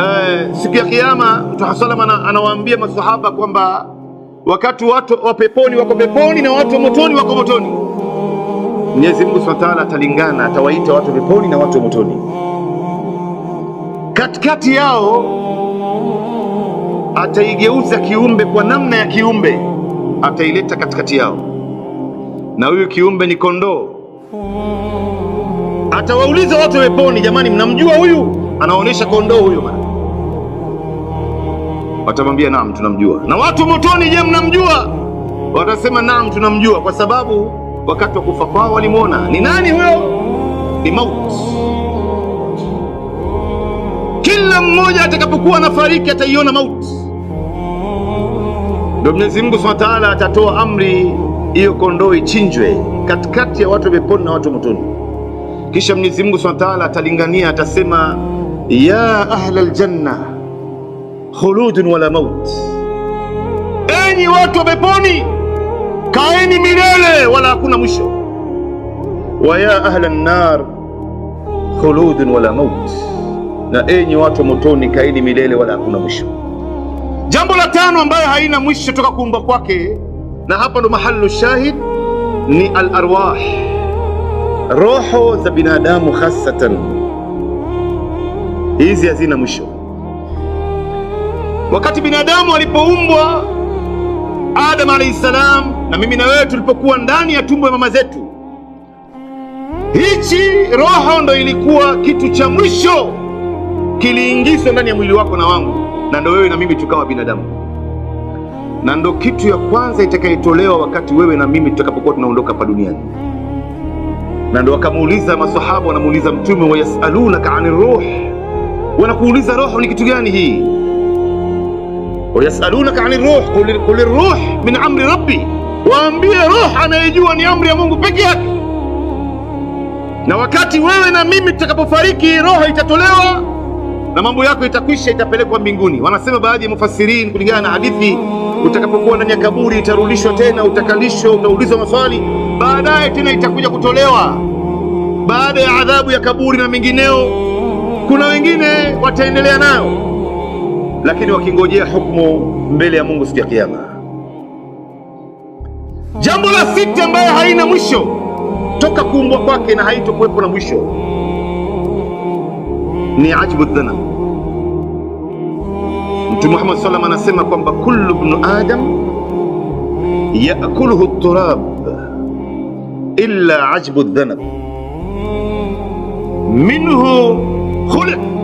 eh, siku ya Kiyama Mtume anawaambia masahaba kwamba wakati watu wa peponi wako peponi na watu wa motoni wako motoni. Mwenyezi Mungu Subhanahu wa Ta'ala atalingana, atawaita watu wa peponi na watu wa motoni, katikati yao ataigeuza kiumbe kwa namna ya kiumbe, ataileta katikati yao, na huyu kiumbe ni kondoo. Atawauliza watu wa peponi, jamani, mnamjua huyu? Anaonyesha kondoo huyo bana watamwambia naam, tunamjua. Na watu motoni, je, mnamjua? Watasema naam, tunamjua, kwa sababu wakati wa kufa kwao walimwona. Ni nani huyo? Ni mauti. Kila mmoja atakapokuwa na fariki ataiona mauti. Ndio Mwenyezi Mungu Subhanahu wa Ta'ala atatoa amri hiyo, kondoo ichinjwe katikati ya watu wameponi na watu motoni. Kisha Mwenyezi Mungu Subhanahu wa Ta'ala atalingania, atasema ya ahlal janna khuludun wala maut, enyi watu wa peponi kaeni milele wala hakuna mwisho. Wa ya ahla nnar khuludun wala maut, na enyi watu wa motoni kaeni milele wala hakuna mwisho. Jambo la tano ambayo haina mwisho toka kuumba kwake, na hapa ndo mahalu shahid ni alarwah, roho za binadamu hasatan, hizi hazina mwisho. Wakati binadamu alipoumbwa Adam alaihi salam, na mimi na wewe tulipokuwa ndani ya tumbo ya mama zetu, hichi roho ndo ilikuwa kitu cha mwisho kiliingizwa ndani ya mwili wako na wangu, na ndo wewe na mimi tukawa binadamu, na ndo kitu ya kwanza itakayotolewa wakati wewe na mimi tutakapokuwa tunaondoka hapa duniani. Na ndo wakamuuliza masahaba, wanamuuliza Mtume, wayasalunaka ani ruh, wanakuuliza roho ni kitu gani hii wayasalunaka ani ruh qul ruh min amri rabbi, waambie roh anayejua ni amri ya Mungu peke yake. Na wakati wewe na mimi tutakapofariki, roho itatolewa na mambo yako itakwisha, itapelekwa mbinguni. Wanasema baadhi ya mufassirin, kulingana na hadithi, utakapokuwa ndani ya kaburi itarudishwa tena, utakalishwa, utaulizwa maswali, baadaye tena itakuja kutolewa baada ya adhabu ya kaburi na mengineo. Kuna wengine wataendelea nayo lakini wakingojea hukumu mbele ya Mungu siku ya Kiyama. Jambo la sita ambayo haina mwisho toka kuumbwa kwake na haitokuwepo na mwisho ni ajibu dhana. Mtume Muhammad sallam anasema kwamba kullu ibnu adam yaakuluhu turab illa ajibu dhanab minhu khuliq